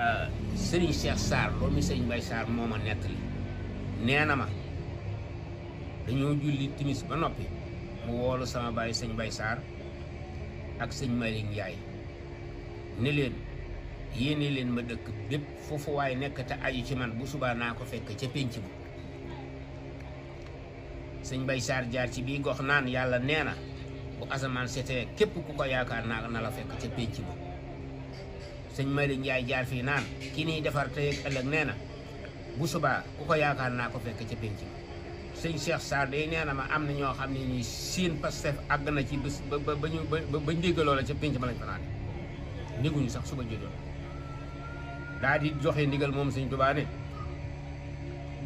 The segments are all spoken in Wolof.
Euh, Serigne Cheikh Sarr loolu mi Serigne Mbaye Sarr moo ma nettali nee na ma dañoo julli timis ba noppi mu woolu sama bàyyi Serigne Mbaye Sarr ak Serigne Malick Ndiaye ni leen yéene leen ma dëkk bépp foofu waaye nekk te aju ci man bu subaa naa ko fekk ca pénc ba Serigne Mbaye Sarr jaar ci bii gox naan yàlla nee na bu asamaan setee képp ku ko yaakaar naa na la fekk ca pénc ba sëñ Malick Ndiaye jaar fii naan ki niy defar te ak ëllëg nee na bu subaa ku ko yaakaar naa ko fekk ca penc ma sëñ Cheikh Sarr day nee na ma am na ñoo xam ne nii siin Pastef àgg na ci bés ba ba ba ñu ba ba ndéggaloo la ca penc ma lañ fanaan néguñu sax suba jojoon daa di joxe ndigal moom sëñ Tuubaa ne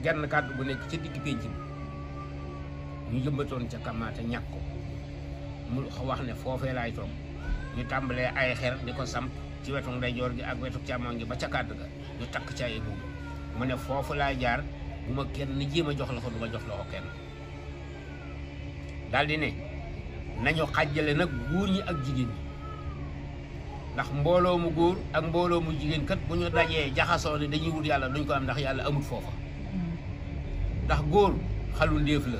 genn kàddu bu nekk ca digg penc bi ñu jëmbatoon ca kamaata ñàkk ko mu wax ne foofee laay toog ñu tàmbalee ay xer di ko samp ci wetu ndeyjoor gi ak wetu càmmoñ gi ba ca kàdd ga ñu takk ca ay mu ne foofu laay jaar bu ma kenn jéem a jox loxo du ma jox loxo kenn daldi di ne nañu xàjjale nag góor ñi ak jigéen ndax mbooloo mu góor ak mbooloo mu jigéen kat bu ñu dajee jaxasoo ne dañuy wut yàlla duñ ko am ndax yàlla amut foofa ndax góor xalu ndéef la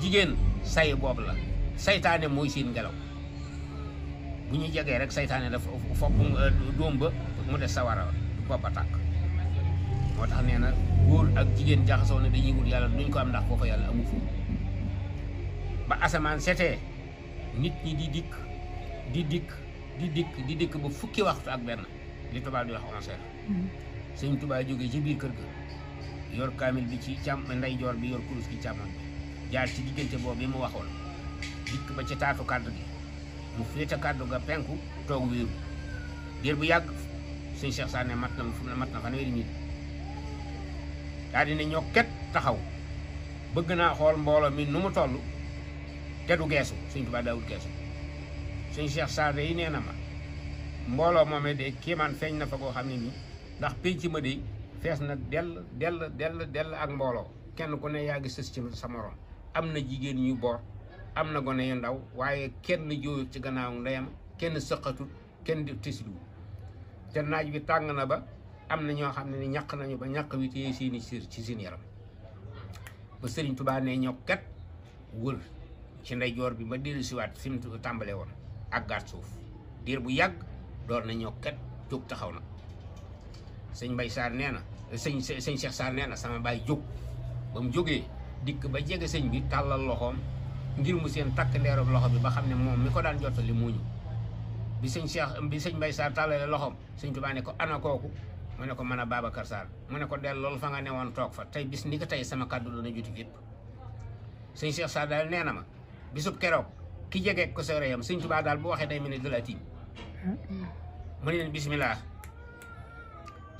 jigéen say boob la saytaane mooy seen ngelaw bu ñu jegee rek saytaane dafa foog euh, doom ba mu des sawara bopp a tàkk moo tax nee na góor ak jigéen jaxasoo ne dañuy wut yàlla duñ ko am ndax foofa yàlla amu fu ba asamaan setee nit ñi di dikk di dikk di dikk di dikk ba fukki waxtu ak benn li tubaab di wax onze heures mm-hmm. sëñ Tuubaa jógee ci biir kër ga yor kaamil bi ci càmm ndeyjoor bi yor kurus ci càmmoñ jaar ci diggante boobu bi mu waxoon dikk ba ci taatu kàddu gi mu féete kàddu ga penku toog wéeru diir bu yàgg suñ Cheikh Sané mat na fu mat na fanweeri nit daal di ne taxaw bëgg naa xool mbooloo mi nu mu toll te du geesu suñ Tuubaa daawul geesu suñ Cheikh Sané yi nee na ma mbooloo moomee de kéemaan feeñ na fa koo xam ne nii ndax pénc ma de fees na dell del dell dell ak mbooloo kenn ku ne yaa ngi sës ci am na jigéen ñu boor am na gone yu ndaw waaye kenn jooyut ci gannaaw ndeyam kenn sëqatut kenn di tislu te naaj bi tàng na ba am na ñoo xam ne ni ñaq nañu ba ñaq wi téye seeni sir ci seen yaram ba sëriñ Tuubaa ne ñokkat wër ci ndeyjoor bi ma dellu siwaat fi mu tàmbale woon ak gaat suuf diir bu yàgg door na ñokkat jóg taxaw na sëñ bay Saar nee na sëñ sëñ Cheikh Saar nee na sama baay jóg ba mu jógee dikk ba jege sëñ bi tàllal loxoom ngir mu seen takk ndeeroog loxo bi ba xam ne moom mi ko daan li muuñu bi sëñ Cheikh bi sëñ Mbaye saa tàllale loxoom sëñ Tuubaa ne ko ana kooku mu ne ko mën a Babacar Sarr mu ne ko del loolu fa nga toog fa tey bis ni ko tey sama kàddu doona juti fépp sëñ Cheikh Sarr daal nee na ma bisub keroog ki jege ko sa réyam sëñ daal bu waxee day mel ni dala tiim mu ne leen bisimilah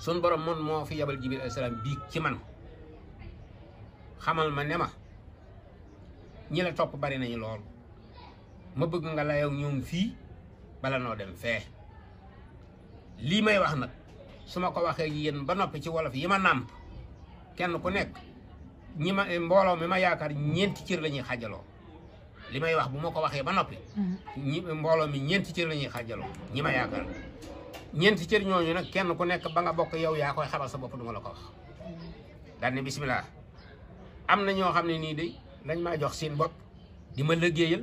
sun borom moom moo fi yabal Jibril alayhi salaam ci man xamal ma ne ma ñi la topp bari nañu lool ma bëgg nga layow ñoom fii bala noo dem fee lii may wax nag su ma ko waxee yéen ba noppi ci wolof yi ma nàmp kenn ku nekk ñi ma eh, mbooloo mi ma yaakaar ñeenti cër la ñuy xajaloo li may wax bu ma ko waxee ba noppi mm-hmm. ñi mbooloo mi ñeenti cër la ñuy xajaloo ñi ma yaakaar ñeenti cër ñooñu nag kenn ku nekk ba nga bokk yow yaa koy xabal sa bopp du la ko wax mm-hmm. daal ne am na ñoo xam ne nii day nañ ma jox seen bopp di ma liggéeyal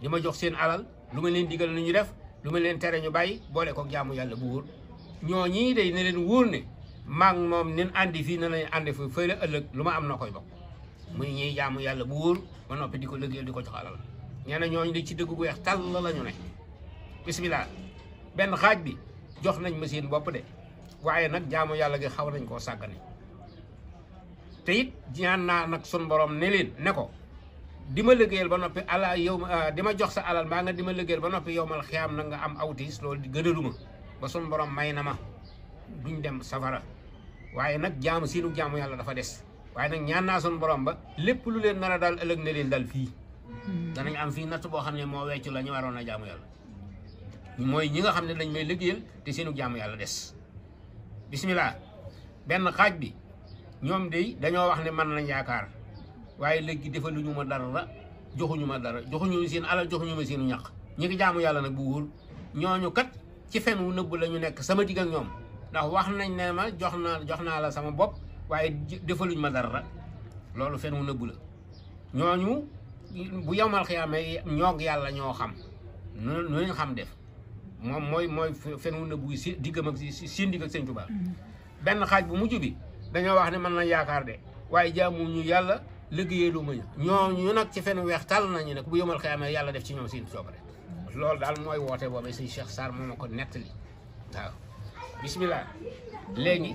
di ma jox seen alal lu ma leen digal nu ñu def lu ma leen tere ñu bàyyi boole kook jaamu yàlla bu wóor ñoo ñii day ne leen wóor ne maag moom nin andi fii na lañ andi fi fëy la ëllëg lu ma am na koy bokk muy ñuy jaamu yàlla bu wóor ba noppi di ko liggéeyal di ko jox alal nee ñooñ ñooñu di ci dëgg gu weex tàll la ñu ne bisimilah benn xaaj bi jox nañ ma seen bopp de waaye nag jaamu yàlla gi xaw nañ koo sàggane te it naa nag sun borom ne ne ko di ma liggéeyal ba noppi ala yow ah, di ma jox sa alal mbaa nga di ma liggéeyal ba noppi yow mal xiyaam na nga am awtis loolu gënaluma ba sun borom may na ma duñ dem safara waaye nag jaamu siinu jaamu yàlla dafa des waaye nag ñaan naa sun borom ba lépp lu leen nar a daal ëllëg ne leen dal fii hmm. danañ am fii natt boo xam ne moo weccu la ñu waroon a jaamu yàlla mooy ñi nga xam ne dañ may liggéeyal te seenu jaamu yàlla des bismillah benn xaaj bi ñoom de dañoo wax ne mën nañ yaakaar waaye léegi defaluñu ma dara joxuñu ma dara joxuñu ma seen alal joxuñu ma seen ñax ñi ngi jaamu yàlla nag bu wóor ñooñu kat ci fen wu nëbb la ñu nekk sama digg ak ñoom ndax wax nañ ne ma jox naa jox naa la sama bopp waaye defaluñ ma dara loolu fen wu nëbb la ñooñu bu yowmal xiyaamee ñoog yàlla ñoo xam nu ñu xam def moom mooy mooy fen wu nëbb si diggam ak si digg ak seen tubaab mm-hmm. benn xaaj bu mujj bi dañoo wax ne mën na yaakaar de waaye jaamuñu yàlla liggéeyee lu ma ñoo ñu nag ci fen weex tàll nañu nag bu yomal xëyamee yàlla def ci ñoom seen coobare loolu daal mooy woote boobee sëñ Cheikh Sarr moo ma ko nettali waaw bismillah léegi